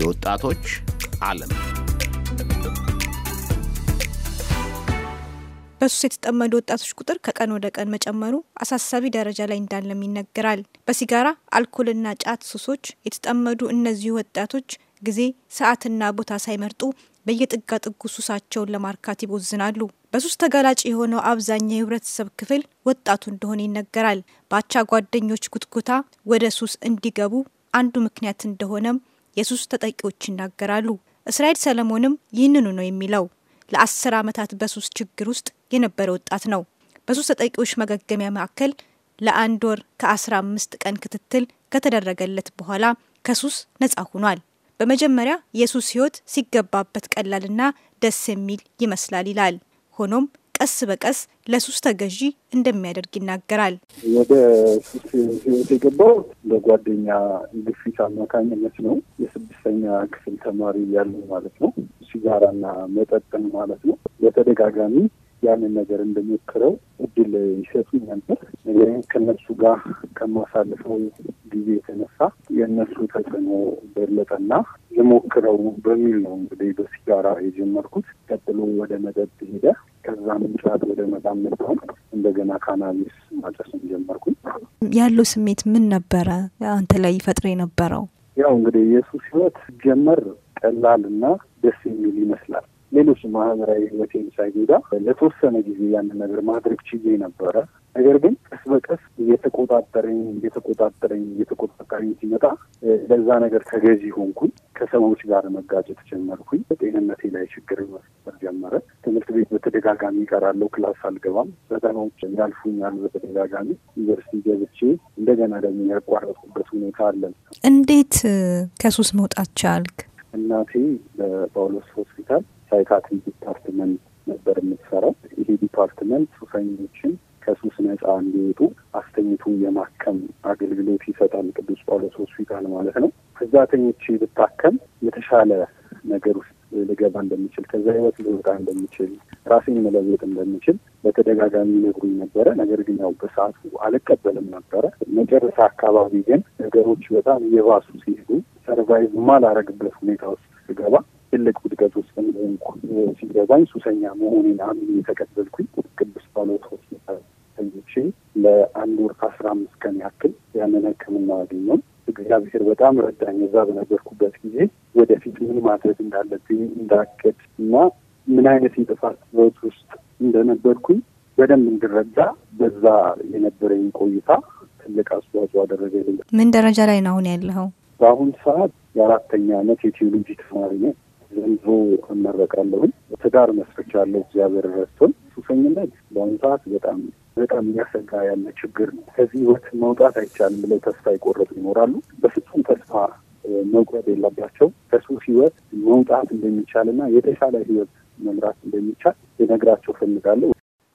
የወጣቶች ዓለም በሱስ የተጠመዱ ወጣቶች ቁጥር ከቀን ወደ ቀን መጨመሩ አሳሳቢ ደረጃ ላይ እንዳለም ይነገራል። በሲጋራ አልኮልና ጫት ሱሶች የተጠመዱ እነዚህ ወጣቶች ጊዜ ሰዓትና ቦታ ሳይመርጡ በየጥጋ ጥጉ ሱሳቸውን ለማርካት ይቦዝናሉ። በሱስ ተጋላጭ የሆነው አብዛኛው የህብረተሰብ ክፍል ወጣቱ እንደሆነ ይነገራል። በአቻ ጓደኞች ጉትጉታ ወደ ሱስ እንዲገቡ አንዱ ምክንያት እንደሆነም የሱስ ተጠቂዎች ይናገራሉ። እስራኤል ሰለሞንም ይህንኑ ነው የሚለው። ለአስር ዓመታት በሱስ ችግር ውስጥ የነበረ ወጣት ነው። በሱስ ተጠቂዎች መገገሚያ ማዕከል ለአንድ ወር ከ አምስት ቀን ክትትል ከተደረገለት በኋላ ከሱስ ነጻ ሆኗል። በመጀመሪያ የሱስ ሕይወት ሲገባበት ቀላልና ደስ የሚል ይመስላል ይላል። ሆኖም ቀስ በቀስ ለሱስ ተገዢ እንደሚያደርግ ይናገራል። ወደ ሱስ ህይወት የገባው በጓደኛ ግፊት አማካኝነት ነው። የስድስተኛ ክፍል ተማሪ ያሉ ማለት ነው። ሲጋራና መጠጥን ማለት ነው። በተደጋጋሚ ያንን ነገር እንደሞክረው እድል ይሰጡኝ ነበር። ነገር ግን ከእነሱ ጋር ከማሳልፈው ጊዜ የተነሳ የእነሱ ተጽዕኖ በለጠና ልሞክረው በሚል ነው እንግዲህ በሲጋራ የጀመርኩት። ቀጥሎ ወደ መጠጥ ሄደ። ከዛ ምንጫት ወደ መጣም መጣሁ። እንደገና ካናቢስ ማጨስም ጀመርኩኝ። ያለው ስሜት ምን ነበረ አንተ ላይ ይፈጥር የነበረው? ያው እንግዲህ የሱስ ህይወት ጀመር ቀላል እና ደስ የሚል ይመስላል። ሌሎች ማህበራዊ ህይወቴን ሳይጎዳ ለተወሰነ ጊዜ ያን ነገር ማድረግ ችዬ ነበረ። ነገር ግን ቀስ በቀስ እየተቆጣጠረኝ እየተቆጣጠረኝ እየተቆጣጠረኝ ሲመጣ ለዛ ነገር ተገዢ ሆንኩኝ። ከሰዎች ጋር መጋጨት ጀመርኩኝ። በጤንነቴ ላይ ችግር መፍጠር ጀመረ። ትምህርት ቤት በተደጋጋሚ ይቀራለሁ፣ ክላስ አልገባም። ፈተናዎች ያልፉኛል በተደጋጋሚ ዩኒቨርሲቲ ገብቼ እንደገና ደግሞ ያቋረጥኩበት ሁኔታ አለን። እንዴት ከሱስ መውጣት ቻልክ? እናቴ በጳውሎስ ሆስፒታል ሳይካትሪ ዲፓርትመንት ነበር የምትሰራው። ይሄ ዲፓርትመንት ሱሰኞችን ከሱስ ነጻ እንዲወጡ አስተኝቱ የማከም አገልግሎት ይሰጣል ቅዱስ ጳውሎስ ሆስፒታል ማለት ነው። እዛ ተኝቼ ብታከም የተሻለ ነገር ውስጥ ልገባ እንደሚችል ከዛ ህይወት ልወጣ እንደሚችል ራሴን መለወጥ እንደሚችል በተደጋጋሚ ነግሩኝ ነበረ። ነገር ግን ያው በሰዓቱ አልቀበልም ነበረ። መጨረሻ አካባቢ ግን ነገሮች በጣም እየባሱ ሲሄዱ ሰርቫይቭ ማላረግበት ሁኔታ ውስጥ ስገባ ትልቅ ውድቀት ውስጥ እንደሆንኩ ሲገባኝ ሱሰኛ መሆኔን አምኜ የተቀበልኩኝ ቅዱስ ጳውሎስ ለአንድ ወር ከአስራ አምስት ቀን ያክል ያንን ሕክምና አገኘው። እግዚአብሔር በጣም ረዳኝ። እዛ በነበርኩበት ጊዜ ወደፊት ምን ማድረግ እንዳለብኝ እንዳቅድ እና ምን አይነት የጥፋት ህይወት ውስጥ እንደነበርኩኝ በደንብ እንድረዳ በዛ የነበረኝ ቆይታ ትልቅ አስተዋጽኦ አደረገልኝ። ምን ደረጃ ላይ ነው አሁን ያለኸው? በአሁን ሰዓት የአራተኛ ዓመት የቴዎሎጂ ተማሪ ነው። ዘንድሮ እመረቃለሁኝ። ትዳር መስርቻለሁ። እግዚአብሔር ረድቶን ሱሰኝነት በአሁኑ ሰዓት በጣም በጣም እያሰጋ ያለ ችግር ነው። ከዚህ ህይወት መውጣት አይቻልም ብለው ተስፋ ይቆረጡ ይኖራሉ። በፍጹም ተስፋ መቁረጥ የለባቸው። ከሱስ ህይወት መውጣት እንደሚቻልና የተሻለ ህይወት መምራት እንደሚቻል ልነግራቸው ፈልጋለሁ።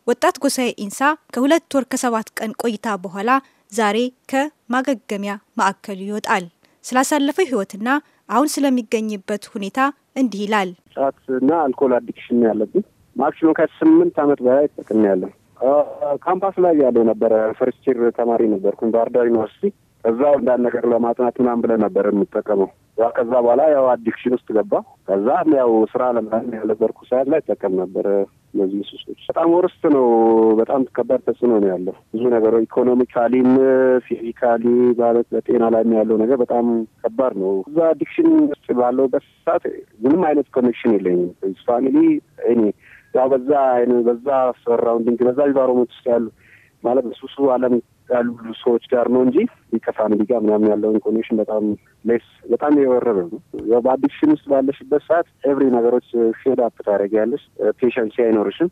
ወጣት ጎሳዬ ኢንሳ ከሁለት ወር ከሰባት ቀን ቆይታ በኋላ ዛሬ ከማገገሚያ ማዕከሉ ይወጣል። ስላሳለፈው ህይወትና አሁን ስለሚገኝበት ሁኔታ እንዲህ ይላል። ጫት እና አልኮል አዲክሽን ያለብኝ ማክሲሞ ከስምንት አመት በላይ ጠቅሜ ያለን ካምፓስ ላይ ያለው ነበረ። ፈርስት ይር ተማሪ ነበርኩኝ ባህር ዳር ዩኒቨርሲቲ። ከዛ አንዳንድ ነገር ለማጥናት ምናምን ብለህ ነበር የምጠቀመው። ያ ከዛ በኋላ ያው አዲክሽን ውስጥ ገባ። ከዛ ያው ስራ ለምናምን ያልነበርኩ ሰዓት ላይ ይጠቀም ነበረ። እነዚህ ሱሶች በጣም ወርስት ነው። በጣም ከባድ ተጽዕኖ ነው ያለው። ብዙ ነገሮች ኢኮኖሚካሊም፣ ፊዚካሊ ማለት በጤና ላይ ያለው ነገር በጣም ከባድ ነው። እዛ አዲክሽን ውስጥ ባለው ሰዓት ምንም አይነት ኮኔክሽን የለኝም ፋሚሊ እኔ ያው በዛ በዛ ሰራውንዲንግ በዛ ኢንቫይሮመንት ውስጥ ያሉ ማለት በሱሱ አለም ያሉ ሰዎች ጋር ነው እንጂ ከፋሚሊ ጋር ምናምን ያለውን ኮኔክሽን በጣም ሌስ በጣም የወረደ ነው። ያው በአዲክሽን ውስጥ ባለሽበት ሰዓት ኤቭሪ ነገሮች ሼድ አፕ ታደርጊያለሽ። ፔሽንሲ አይኖርሽም።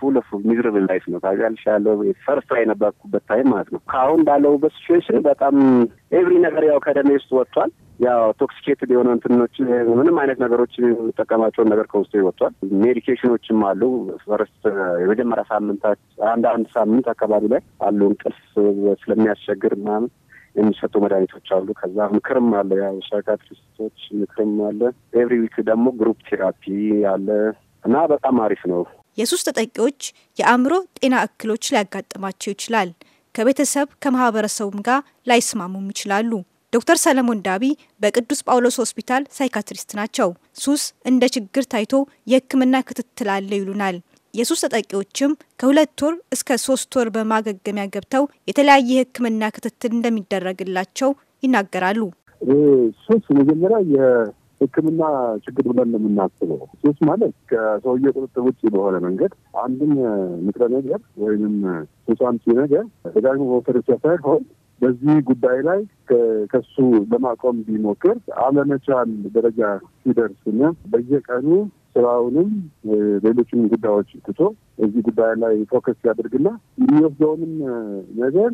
ፉል ኦፍ ሚዝረብል ላይፍ ነው ታውቂያለሽ። ያለው ፈርስት ላይ የነበርኩበት ታይም ማለት ነው። ከአሁን ባለሁበት ሲቹዌሽን በጣም ኤቭሪ ነገር ያው ከደሜ ውስጥ ወጥቷል። ያው ቶክሲኬትድ የሆነ እንትኖች ምንም አይነት ነገሮች የምጠቀማቸውን ነገር ከውስጡ ይወጥቷል። ሜዲኬሽኖችም አሉ። ፈርስት የመጀመሪያ ሳምንታት አንድ አንድ ሳምንት አካባቢ ላይ አሉ። እንቅልፍ ስለሚያስቸግር ምናምን የሚሰጡ መድኃኒቶች አሉ። ከዛ ምክርም አለ። ያው ሳይካትሪስቶች ምክርም አለ። ኤቭሪ ዊክ ደግሞ ግሩፕ ቴራፒ አለ እና በጣም አሪፍ ነው። የሱስ ተጠቂዎች የአእምሮ ጤና እክሎች ሊያጋጥማቸው ይችላል። ከቤተሰብ ከማህበረሰቡም ጋር ላይስማሙም ይችላሉ። ዶክተር ሰለሞን ዳቢ በቅዱስ ጳውሎስ ሆስፒታል ሳይካትሪስት ናቸው። ሱስ እንደ ችግር ታይቶ የሕክምና ክትትል አለ ይሉናል። የሱስ ተጠቂዎችም ከሁለት ወር እስከ ሶስት ወር በማገገሚያ ገብተው የተለያየ የሕክምና ክትትል እንደሚደረግላቸው ይናገራሉ። ሱስ መጀመሪያ ህክምና ችግር ብለን ነው የምናስበው። ሱስ ማለት ከሰውየ ቁጥጥር ውጭ በሆነ መንገድ አንድም ንጥረ ነገር ወይንም ሱስ አምጪ ነገር ደጋግሞ መውሰድ ሳይሆን በዚህ ጉዳይ ላይ ከሱ ለማቆም ቢሞክር አለመቻል ደረጃ ሲደርስና በየቀኑ ስራውንም ሌሎችን ጉዳዮች ትቶ እዚህ ጉዳይ ላይ ፎከስ ሲያደርግና የሚወስደውንም ነገር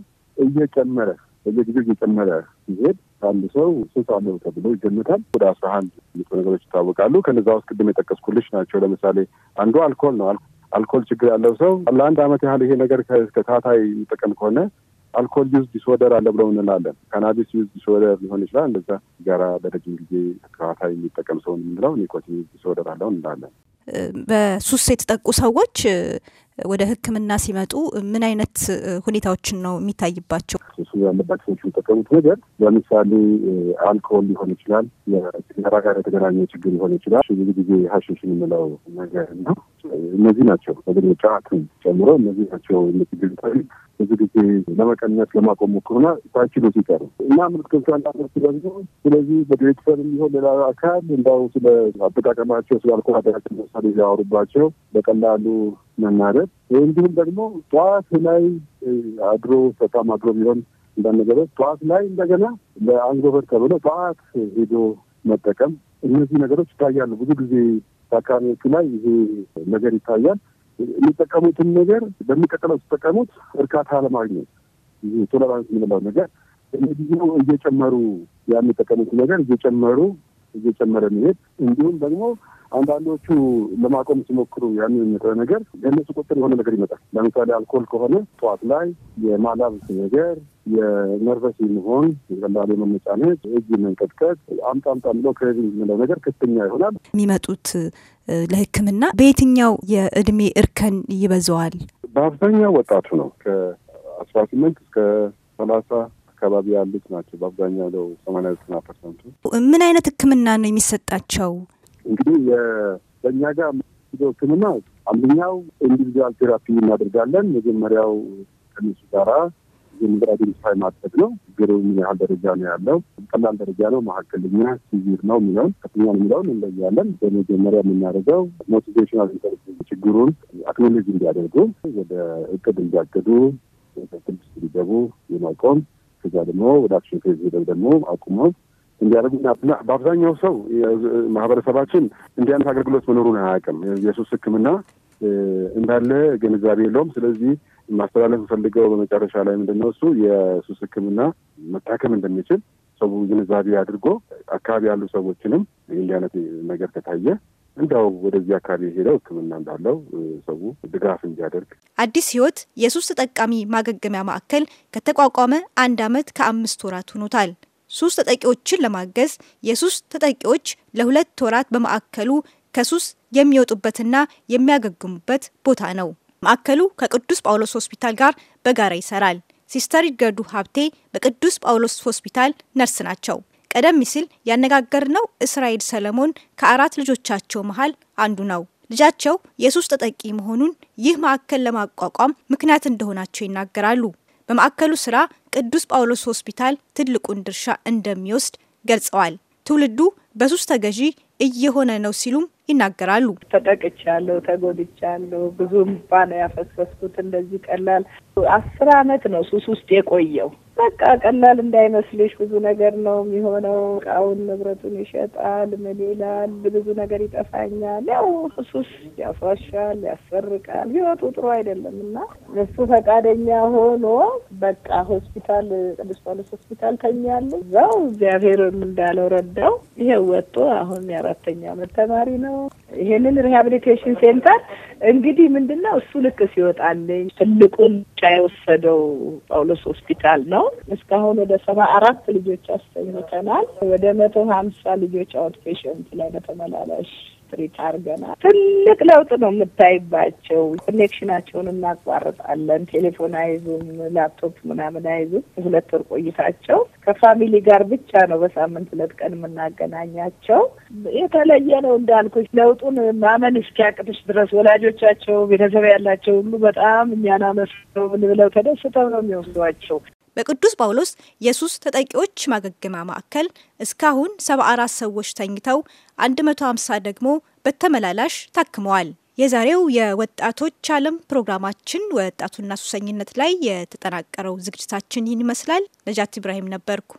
እየጨመረ በየጊዜው እየጨመረ ሲሄድ አንድ ሰው ሱስ አለው ተብሎ ይገመታል። ወደ አስራ አንድ ንጥረ ነገሮች ይታወቃሉ። ከነዛ ውስጥ ቅድም የጠቀስኩልሽ ናቸው። ለምሳሌ አንዱ አልኮል ነው። አልኮል ችግር ያለው ሰው ለአንድ አመት ያህል ይሄ ነገር ከታታይ የሚጠቀም ከሆነ አልኮል ዩዝ ዲስኦርደር አለ ብለው እንላለን። ካናቢስ ዩዝ ዲስኦርደር ሊሆን ይችላል። እንደዛ ሲጋራ ለረጅም ጊዜ ተከታታይ የሚጠቀም ሰውን የምንለው ኒኮቲን ዩዝ ዲስኦርደር አለው እንላለን። በሱስ የተጠቁ ሰዎች ወደ ሕክምና ሲመጡ ምን አይነት ሁኔታዎችን ነው የሚታይባቸው? ሱ ያለባቸው ሰዎች የሚጠቀሙት ነገር ለምሳሌ አልኮል ሊሆን ይችላል፣ ከሲጋራ ጋር የተገናኘ ችግር ሊሆን ይችላል። ብዙ ጊዜ ሀሽሽ የምንለው ነገር ነው እነዚህ ናቸው። በግል ጫትን ጨምሮ እነዚህ ናቸው። ታሪ ብዙ ጊዜ ለመቀነስ ለማቆም ሞክሩና ታችሎ ሲቀሩ እና ምልክቶቹ አንዳንዶቹ ደግሞ ስለዚህ በዲሬክተር የሚሆን ሌላ አካል እንዳው ስለ አጠቃቀማቸው ስለ አልኮል አጠቃቀም ለምሳሌ ሊያወሩባቸው በቀላሉ መናደር እንዲሁም ደግሞ ጠዋት ላይ አድሮ በጣም አድሮ ቢሆን አንዳንድ ነገሮች ጠዋት ላይ እንደገና ለአንጎበር ተብሎ ጠዋት ሄዶ መጠቀም እነዚህ ነገሮች ይታያሉ ብዙ ጊዜ በአካባቢዎቹ ላይ ይሄ ነገር ይታያል። የሚጠቀሙትን ነገር በሚቀጥለው ሲጠቀሙት እርካታ አለማግኘት ይሄ ቶለራንስ የምንለው ነገር እነጊዜው እየጨመሩ የሚጠቀሙት ነገር እየጨመሩ እየጨመረ መሄድ እንዲሁም ደግሞ አንዳንዶቹ ለማቆም ሲሞክሩ ያን ንጥረ ነገር ለእነሱ ቁጥር የሆነ ነገር ይመጣል። ለምሳሌ አልኮል ከሆነ ጠዋት ላይ የማላብ ነገር የነርቨስ መሆን፣ የቀላሉ መነጫነጭ፣ እጅ መንቀጥቀጥ፣ አምጣ አምጣ ብለው ክሬቪንግ ነገር ከፍተኛ ይሆናል። የሚመጡት ለሕክምና በየትኛው የእድሜ እርከን ይበዛዋል? በአብዛኛው ወጣቱ ነው። ከአስራ ስምንት እስከ ሰላሳ አካባቢ ያሉት ናቸው። በአብዛኛው ለው ሰማንያ ዘጠና ፐርሰንቱ። ምን አይነት ሕክምና ነው የሚሰጣቸው? እንግዲህ በእኛ ጋር ሕክምና አንደኛው ኢንዲቪዲዋል ቴራፒ እናደርጋለን። መጀመሪያው ከነሱ ጋራ ኢንቨራዲፋይ ማድረግ ነው። ችግሩ ምን ያህል ደረጃ ነው ያለው? ቀላል ደረጃ ነው፣ መካከለኛ፣ ሲቪር ነው የሚለውን ከፍተኛ የሚለውን እንለያለን። በመጀመሪያ የምናደርገው ሞቲቬሽናል ኢንተርቪው ችግሩን አክኖሎጂ እንዲያደርጉ፣ ወደ እቅድ እንዲያቅዱ፣ ወደ ቅድ እንዲገቡ የማቆም ከዛ ደግሞ ወደ አክሽን ፌዝ ሄደው ደግሞ አቁመው እንዲያደርጉና በአብዛኛው ሰው ማህበረሰባችን እንዲህ አይነት አገልግሎት መኖሩን አያውቅም። የሱስ ሕክምና እንዳለ ግንዛቤ የለውም። ስለዚህ ማስተላለፍ ፈልገው በመጨረሻ ላይ ምንድነው እሱ የሱስ ሕክምና መታከም እንደሚችል ሰው ግንዛቤ አድርጎ አካባቢ ያሉ ሰዎችንም እንዲህ አይነት ነገር ከታየ እንዲያው ወደዚህ አካባቢ የሄደው ህክምና እንዳለው ሰው ድጋፍ እንዲያደርግ። አዲስ ህይወት የሱስ ተጠቃሚ ማገገሚያ ማዕከል ከተቋቋመ አንድ አመት ከአምስት ወራት ሆኖታል። ሱስ ተጠቂዎችን ለማገዝ የሱስ ተጠቂዎች ለሁለት ወራት በማዕከሉ ከሱስ የሚወጡበትና የሚያገግሙበት ቦታ ነው። ማዕከሉ ከቅዱስ ጳውሎስ ሆስፒታል ጋር በጋራ ይሰራል። ሲስተር ይገዱ ሀብቴ በቅዱስ ጳውሎስ ሆስፒታል ነርስ ናቸው። ቀደም ሲል ያነጋገርነው እስራኤል ሰለሞን ከአራት ልጆቻቸው መሀል አንዱ ነው። ልጃቸው የሱስ ተጠቂ መሆኑን ይህ ማዕከል ለማቋቋም ምክንያት እንደሆናቸው ይናገራሉ። በማዕከሉ ስራ ቅዱስ ጳውሎስ ሆስፒታል ትልቁን ድርሻ እንደሚወስድ ገልጸዋል። ትውልዱ በሱስ ተገዢ እየሆነ ነው ሲሉም ይናገራሉ። ተጠቅቻለሁ፣ ተጎድቻለሁ። ብዙ እምባ ነው ያፈሰስኩት። እንደዚህ ቀላል አስር አመት ነው ሱስ ውስጥ የቆየው በቃ ቀላል እንዳይመስልሽ ብዙ ነገር ነው የሚሆነው። እቃውን ንብረቱን ይሸጣል፣ ምን ይላል፣ ብዙ ነገር ይጠፋኛል። ያው እሱስ ያስዋሻል፣ ያሰርቃል። ህይወቱ ጥሩ አይደለም እና እሱ ፈቃደኛ ሆኖ በቃ ሆስፒታል፣ ቅዱስ ጳውሎስ ሆስፒታል ተኛለ። እዛው እግዚአብሔር እንዳለው ረዳው። ይሄ ወጥቶ አሁን የአራተኛ ዓመት ተማሪ ነው። ይሄንን ሪሃቢሊቴሽን ሴንተር እንግዲህ ምንድን ነው እሱ ልክ ሲወጣልኝ ትልቁን ጫ የወሰደው ጳውሎስ ሆስፒታል ነው። እስካሁን ወደ ሰባ አራት ልጆች አስተኝተናል። ወደ መቶ ሀምሳ ልጆች አውት ፔሽንት ላይ በተመላላሽ ስትሪት አድርገናል። ትልቅ ለውጥ ነው የምታይባቸው። ኮኔክሽናቸውን እናቋርጣለን። ቴሌፎን አይዙም፣ ላፕቶፕ ምናምን አይዙም። ሁለት ወር ቆይታቸው ከፋሚሊ ጋር ብቻ ነው በሳምንት ሁለት ቀን የምናገናኛቸው። የተለየ ነው እንዳልኩሽ። ለውጡን ማመን እስኪያቅትሽ ድረስ ወላጆቻቸው ቤተሰብ ያላቸው ሁሉ በጣም እኛን አመስግነው ምን ብለው ተደስተው ነው የሚወስዷቸው። በቅዱስ ጳውሎስ የሱስ ተጠቂዎች ማገገሚያ ማዕከል እስካሁን 74 ሰዎች ተኝተው 150 ደግሞ በተመላላሽ ታክመዋል። የዛሬው የወጣቶች ዓለም ፕሮግራማችን ወጣቱና ሱሰኝነት ላይ የተጠናቀረው ዝግጅታችን ይህን ይመስላል። ነጃት ኢብራሂም ነበርኩ።